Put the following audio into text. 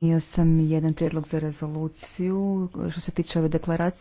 Ja sam jedan prijedlog za rezoluciju što se tiče ove deklaracije.